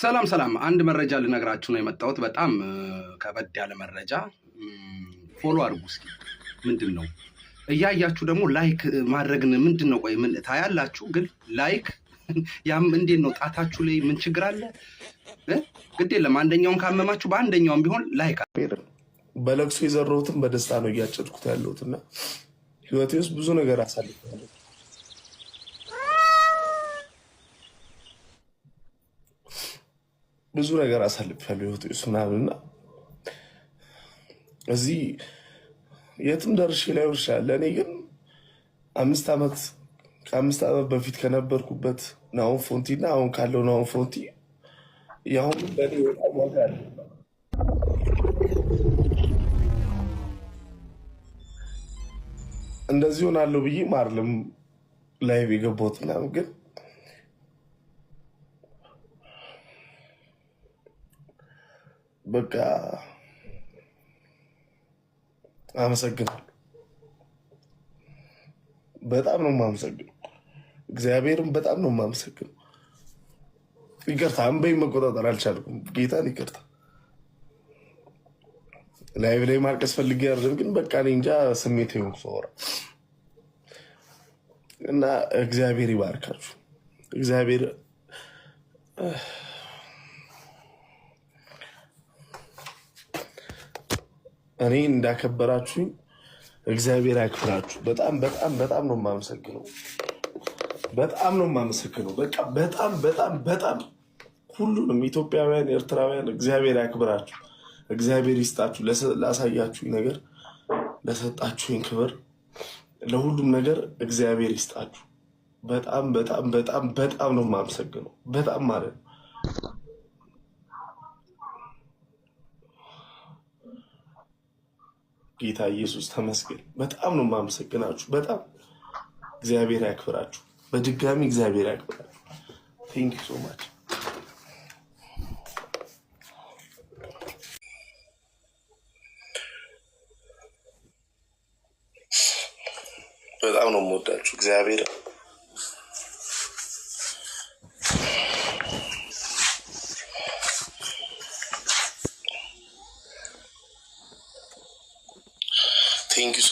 ሰላም ሰላም፣ አንድ መረጃ ልነግራችሁ ነው የመጣሁት። በጣም ከበድ ያለ መረጃ። ፎሎ አድርጉ እስኪ። ምንድን ነው እያያችሁ ደግሞ ላይክ ማድረግን ምንድን ነው? ቆይ ምን ታያላችሁ? ግን ላይክ ያም እንዴት ነው? ጣታችሁ ላይ ምን ችግር አለ? ግድ የለም አንደኛውም ካመማችሁ በአንደኛውም ቢሆን ላይክ በለቅሶ የዘረሁትን በደስታ ነው እያጨድኩት ያለሁትና ህይወቴ ውስጥ ብዙ ነገር አሳልፋለሁ ብዙ ነገር አሳልፌያለሁ ህይወት ውስጥ ምናምንና እዚህ የትም ደርሼ ላይሆን ይችላል። እኔ ግን አምስት ዓመት ከአምስት ዓመት በፊት ከነበርኩበት ናሁን ፎንቲ እና አሁን ካለው ናሁን ፎንቲ ያሁኑ በእኔ በጣም ዋጋ አለ። እንደዚህ ሆናለሁ ብዬ ማርልም ላይ የገባሁት ምናምን ግን በቃ አመሰግናለሁ። በጣም ነው የማመሰግነው። እግዚአብሔርም በጣም ነው የማመሰግነው። ይቅርታ አንበይ መቆጣጠር አልቻልኩም። ጌታን ይቅርታ። ላይቭ ላይ ማልቀስ ፈልጌ አይደለም፣ ግን በቃ እኔ እንጃ ስሜት ሆን ሰራ እና እግዚአብሔር ይባርካችሁ። እግዚአብሔር እኔ እንዳከበራችሁኝ እግዚአብሔር ያክፍራችሁ። በጣም በጣም በጣም ነው የማመሰግነው። በጣም ነው የማመሰግነው። በቃ በጣም በጣም በጣም ሁሉንም ኢትዮጵያውያን፣ ኤርትራውያን እግዚአብሔር ያክብራችሁ፣ እግዚአብሔር ይስጣችሁ። ላሳያችሁኝ ነገር፣ ለሰጣችሁኝ ክብር፣ ለሁሉም ነገር እግዚአብሔር ይስጣችሁ። በጣም በጣም በጣም በጣም ነው የማመሰግነው። በጣም ማለት ነው። ጌታ ኢየሱስ ተመስገን። በጣም ነው የማመሰግናችሁ። በጣም እግዚአብሔር ያክብራችሁ። በድጋሚ እግዚአብሔር ያክብራችሁ። ቴንክ ዩ ሶ ማች። በጣም ነው የምወዳችሁ እግዚአብሔር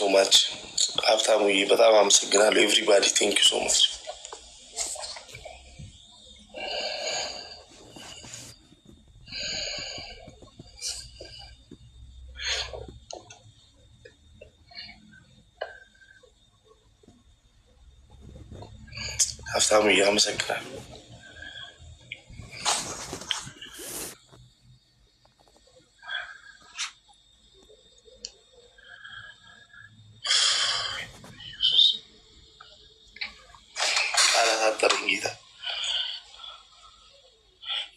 ሶ ማች ሀብታሙዬ፣ በጣም አመሰግናለሁ። ኤቭሪባዲ ቴንክ ዩ ሶ ማች። ሀብታሙዬ አመሰግናለሁ። የፈጠረኝ ጌታ።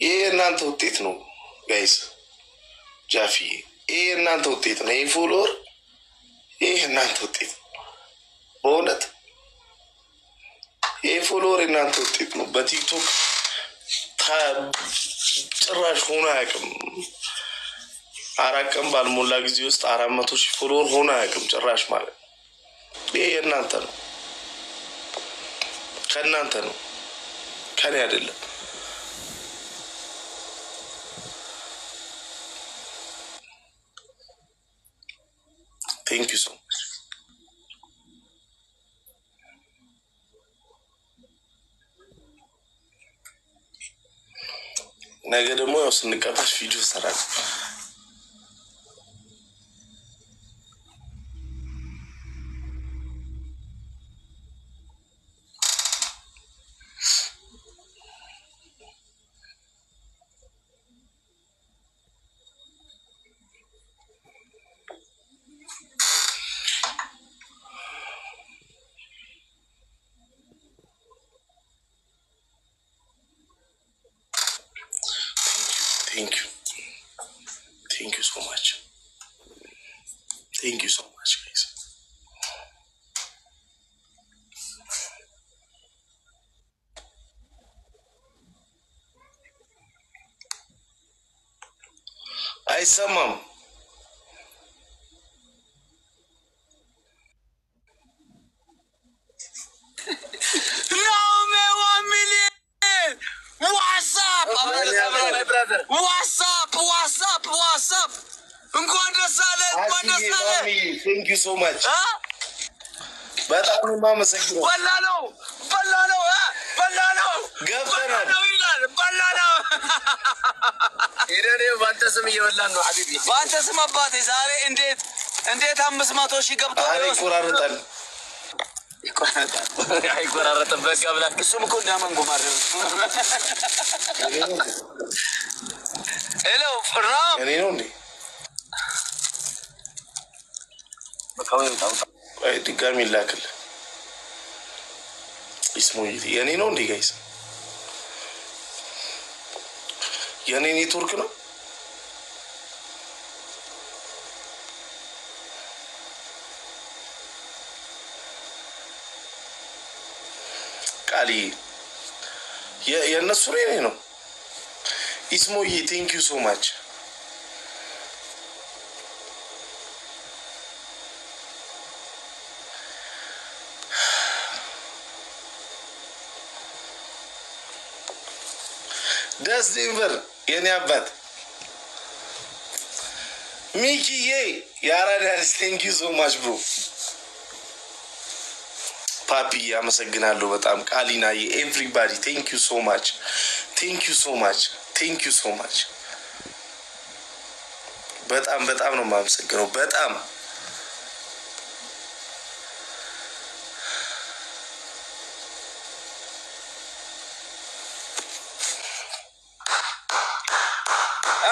ይሄ የእናንተ ውጤት ነው ጋይስ፣ ጃፊ ይሄ የእናንተ ውጤት ነው። ይህ ፎሎወር፣ ይሄ የእናንተ ውጤት ነው። በእውነት ይህ ፎሎወር የእናንተ ውጤት ነው። በቲክቶክ ጭራሽ ሆኖ አያውቅም። አራት ቀን ባልሞላ ጊዜ ውስጥ አራት መቶ ሺህ ፎሎወር ሆኖ አያውቅም ጭራሽ ማለት ነው። ይሄ የእናንተ ነው። ከእናንተ ነው ከኔ አይደለም። ቴንክ ዩ ሶ ነገ ደግሞ ያው ስንቀጣሽ ቪዲዮ ሰራለሁ። Thank you. Thank you so much. Thank you so much, guys. I said, Mom. ብራዘር። ዋትስአፕ ዋትስአፕ ዋትስአፕ እንኳን ደስ አለ እንኳን ደስ አለ። ቴንክ ዩ ሶ ማች በጣም የማመሰግነው በላ ነው በላ ነው በላ ነው ገብተናል ይላል በላ ነው ይደኔ በአንተ ስም እየበላን ነው ሀቢቢ በአንተ ስም አባቴ ዛሬ እንዴት እንዴት አምስት መቶ ሺህ ገብቶ ይቆራረጣል አይቆራረጥም በቃ ብላ እሱም እኮ እንዳመንጉ ማድረግ ድጋሚ ይላክል ስሙ የኔ ነው እንዴ? ጋይስ የኔ ኔትወርክ ነው። ቃሊ የእነሱ የኔ ነው። ኢስሞዬ ቴንክ ዩ ሶ ማች ደስ ዴንቨር የኔ አባት ሚኪዬ የአራዳ ቴንክ ዩ ሶ ማች ብሮ ፓፒ አመሰግናለሁ በጣም ቃሊና ኤቭሪባዲ ቴንክ ዩ ሶ ማች ቴንክ ዩ ሶ ማች ቴንክ ዩ ሶ ማች። በጣም በጣም ነው የማመሰግነው። በጣም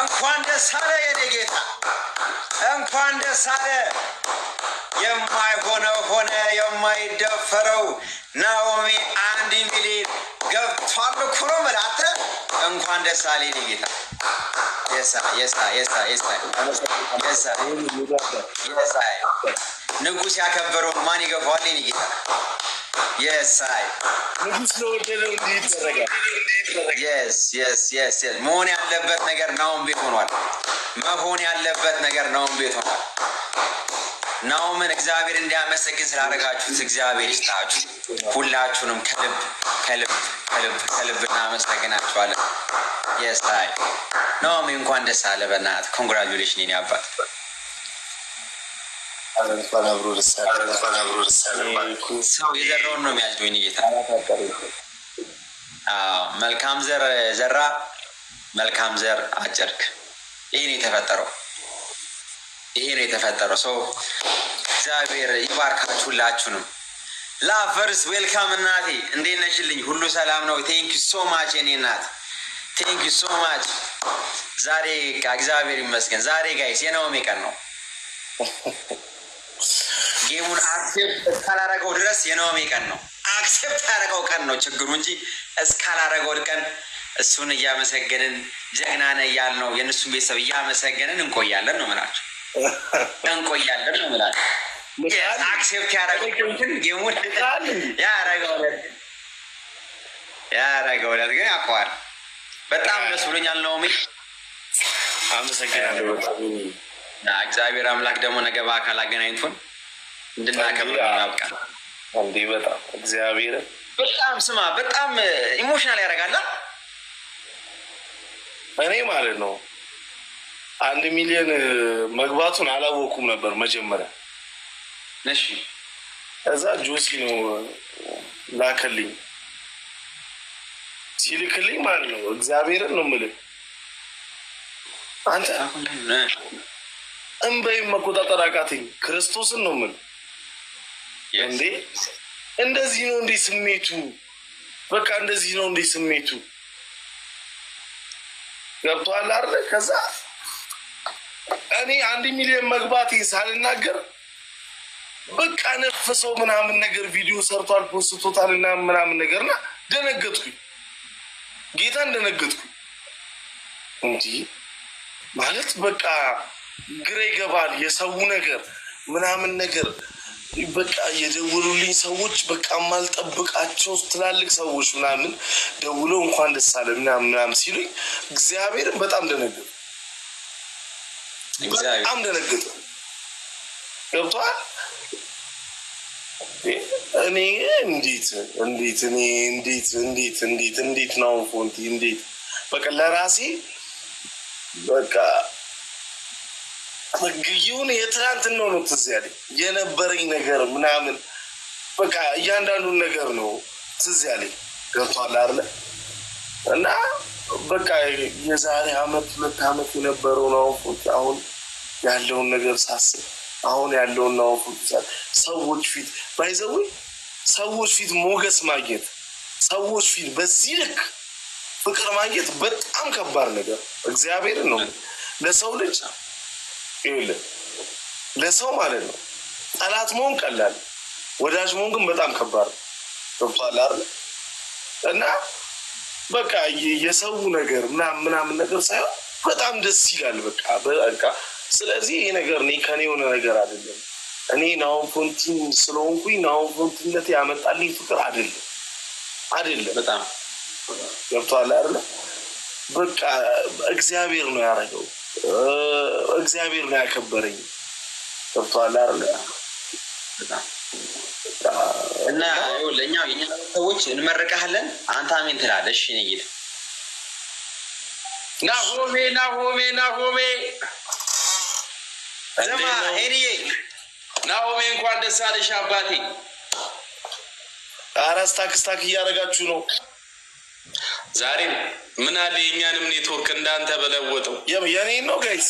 እንኳን ደስ አለ የኔ ጌታ፣ እንኳን ደስ አለ የማይሆነው ሆነ። የማይደፈረው ናኦሚ አንድ ሚሊዮን ገብቷል እኮ ነው መላተ እንኳን ደስ አለኝ ጌታ ንጉስ ያከበረው ማን ይገፋዋል? ኔ ጌታ የሳይ መሆን ያለበት ነገር ናውን ቤት ሆኗል። መሆን ያለበት ነገር ናውን ቤት ሆኗል። ናኦምን እግዚአብሔር እንዲያመሰግን ስላደረጋችሁት እግዚአብሔር ይስጣችሁ። ሁላችሁንም ከልብ ከልብ ከልብ ከልብ እናመሰግናችኋለን። የሳይ ናኦሚ እንኳን ደስ አለ። በናት ኮንግራጁሌሽን ኔ አባት ሰው የዘራውን ነው የሚያጭደው። የእኔ ጌታ መልካም ዘር ዘራ፣ መልካም ዘር አጭርክ። ይህን የተፈጠረው። ይሄ ነው የተፈጠረው። ሰው እግዚአብሔር ይባርካችሁ ሁላችሁንም። ላቨርስ ዌልካም እናቴ፣ እንዴት ነሽልኝ? ሁሉ ሰላም ነው? ቴንክ ዩ ሶ ማች እኔ እናት፣ ቴንክ ዩ ሶ ማች። ዛሬ እግዚአብሔር ይመስገን። ዛሬ ጋይስ የናኦሚ ቀን ነው። ጌሙን አክሴፕት እስካላረገው ድረስ የናኦሚ ቀን ነው። አክሴፕት ያደረገው ቀን ነው ችግሩ እንጂ እስካላረገው ቀን እሱን እያመሰገንን ጀግናነ እያል ነው የእነሱን ቤተሰብ እያመሰገንን እንቆያለን ነው ምላቸው እንቆያለን ነው ምላል አክሴፕት ያደረገችትን የሙድቃል ያረገውለት ያረገውለት ግን ያውቀዋል። በጣም ደስ ብሎኛል ነው ሚ አመሰግናለሁ። እግዚአብሔር አምላክ ደግሞ ነገ በአካል አገናኝቶን እንድናከብር ያብቃ። እንዲህ በጣም እግዚአብሔር በጣም ስማ፣ በጣም ኢሞሽናል ያደርጋል እኔ ማለት ነው አንድ ሚሊዮን መግባቱን አላወኩም ነበር መጀመሪያ። እሺ እዛ ጆሲ ነው ላከልኝ። ሲልክልኝ ማለት ነው እግዚአብሔርን ነው የምልህ አንተ እንበይም መቆጣጠር አቃተኝ። ክርስቶስን ነው የምልህ እንዴ እንደዚህ ነው እንዴ ስሜቱ በቃ እንደዚህ ነው እንዴ ስሜቱ ገብቶሃል አይደል? ከዛ እኔ አንድ ሚሊዮን መግባት ሳልናገር በቃ ነፍሰው ምናምን ነገር ቪዲዮ ሰርቷል ፖስቶታል እና ምናምን ነገር እና ደነገጥኩኝ፣ ጌታ እንደነገጥኩኝ እንዲህ ማለት በቃ ግራ ይገባል። የሰው ነገር ምናምን ነገር በቃ የደወሉልኝ ሰዎች በቃ የማልጠብቃቸው ትላልቅ ሰዎች ምናምን ደውለው እንኳን ደስ አለ ምናምን ምናምን ሲሉኝ እግዚአብሔርን በጣም ደነገጥኩ። በጣም ደነገጠ። ገብቷል። እኔ እንዴት እንዴት እኔ እንዴት እንዴት እንዴት እንዴት ነው ፎንቲ እንዴት በቃ ለራሴ በቃ ግዩን ነው ነው ትዝ ያለኝ የነበረኝ ነገር ምናምን በቃ እያንዳንዱን ነገር ነው ትዝ ያለኝ። ገብቷል አለ እና በቃ የዛሬ አመት ሁለት አመት የነበረው ነው አሁን ያለውን ነገር ሳስብ አሁን ያለውን ናወቁሳል ሰዎች ፊት ባይዘዊ ሰዎች ፊት ሞገስ ማግኘት ሰዎች ፊት በዚህ ልክ ፍቅር ማግኘት በጣም ከባድ ነገር እግዚአብሔር ነው። ለሰው ልጅ ይኸውልህ፣ ለሰው ማለት ነው ጠላት መሆን ቀላል፣ ወዳጅ መሆን ግን በጣም ከባድ ነው። እና በቃ የሰው ነገር ምናምን ምናምን ነገር ሳይሆን በጣም ደስ ይላል። በቃ በቃ ስለዚህ ይህ ነገር እኔ ከኔ የሆነ ነገር አይደለም። እኔ ናሆም ፎንቲን ስለሆንኩኝ ናሆም ፎንቲነት ያመጣልኝ ፍቅር አይደለም አይደለም። በጣም ገብቶሃል አይደለ? በቃ እግዚአብሔር ነው ያደረገው። እግዚአብሔር ነው ያከበረኝ። ገብቶሃል አይደለ? እና ለእኛ የኛ ሰዎች እንመርቃለን። አንተ አሜን ትላለሽ። እሺ ናሆሜ ናሆሜ ናሆሜ ናሆሜ እንኳን ደስ አለሽ አባቴ። ኧረ ስታክ ስታክ እያደረጋችሁ ነው። ዛሬ ምን አለ የእኛንም ኔትወርክ እንዳንተ በለወጠው። የኔ ነው ጋይስ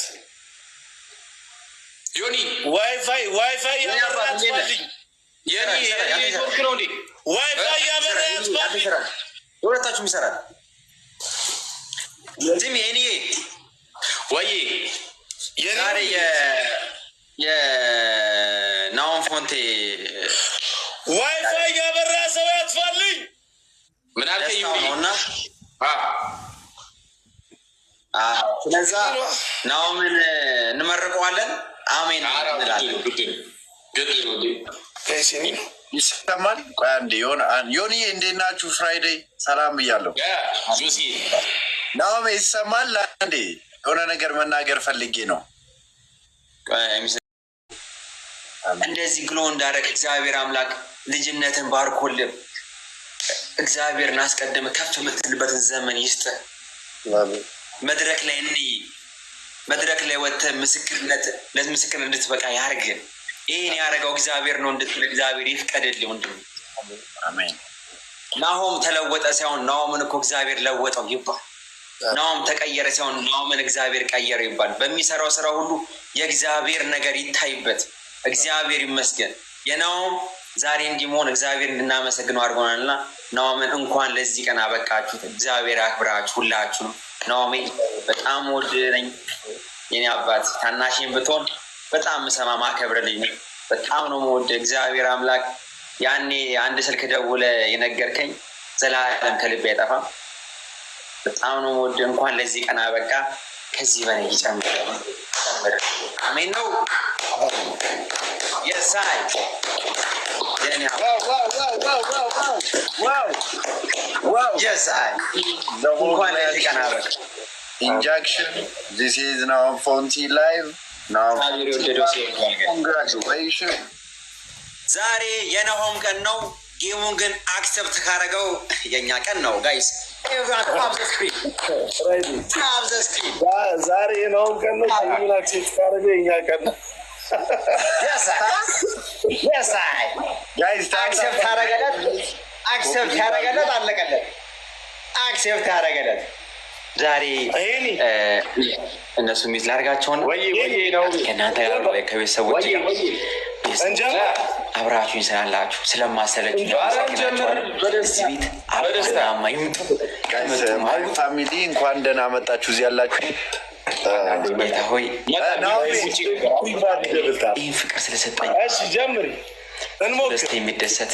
ዮኒ ዋይፋይ ዋይፋይ ያበራልኝ የኔ ኔትወርክ ነው እንዴ? ዋይፋይ ያበራ ያስባል። ሁለታችሁም ይሰራል። ዝም የኔ ዋይፋይ ያበራ ሰው ያጥፋልኝ። ምን አልከኝ? ነውና ስለዛ ናኦምን እንመርቀዋለን። አሜን እንላለን። ይሰማል። ቆይ አንዴ ዮኒ፣ እንዴት ናችሁ? ፍራይዴይ ሰላም ብያለሁ። ናኦሜ ይሰማል። አንዴ የሆነ ነገር መናገር ፈልጌ ነው። እንደዚህ ግሎ እንዳደረግ እግዚአብሔር አምላክ ልጅነትን ባርኮል እግዚአብሔርን አስቀድመ ከፍ የምትልበትን ዘመን ይስጥ። መድረክ ላይ እንይ መድረክ ላይ ወጥተህ ምስክርነት ለምስክር እንድትበቃ ያርግ። ይህን ያደረገው እግዚአብሔር ነው እንድትል እግዚአብሔር ይፍቀድል። ወንድ ናሆም ተለወጠ ሳይሆን ናሆምን እኮ እግዚአብሔር ለወጠው ይባል። ናሆም ተቀየረ ሳይሆን ናሆምን እግዚአብሔር ቀየረው ይባል። በሚሰራው ስራ ሁሉ የእግዚአብሔር ነገር ይታይበት። እግዚአብሔር ይመስገን። የናውም ዛሬ እንዲህ መሆን እግዚአብሔር እንድናመሰግነው አድርጎናል እና እንኳን ለዚህ ቀን አበቃችሁት። እግዚአብሔር አክብራችሁ ሁላችሁም። ናኦሜ በጣም ወድ ነኝ። የኔ አባት ታናሽን ብትሆን በጣም ምሰማ ማከብር ልጅ ነው። በጣም ነው መወድ እግዚአብሔር አምላክ። ያኔ አንድ ስልክ ደውለ የነገርከኝ ዘላለም ከልብ አይጠፋም። በጣም ነው መወድ። እንኳን ለዚህ ቀን አበቃ። ከዚህ በላይ ይጨምር። አሜን ነው Yes, I. Anyhow. Whoa, whoa, whoa, whoa, whoa, whoa. Whoa. Whoa. Yes, I. Double injection. This is now Fonty Live. Now, congratulations. ዛሬ የነሆም ቀን ነው። ጌሙን ግን አክሰፕት ካደረገው የእኛ ቀን ነው ጋይስ። ዛሬ የነሆም ቀን ነው። ጌሙን አክሰፕት ካደረገው የእኛ ቀን ነው። አክሴፕት አደረገለት። አክሴፕት ያደረገለት አለቀለት። አክሴፕት ያደረገለት ዛሬ እነሱ ሚት ላደርጋቸውን ከእናንተ ጋር ከቤተሰቦች አብራችሁኝ ስላላችሁ ስለማሰለችሁ ቤት አማኝ ፋሚሊ እንኳን ደህና መጣችሁ እዚህ ያላችሁ ጌታ ሆይ ይህን ፍቅር ስለሰጠኝ ደስታ የሚደሰት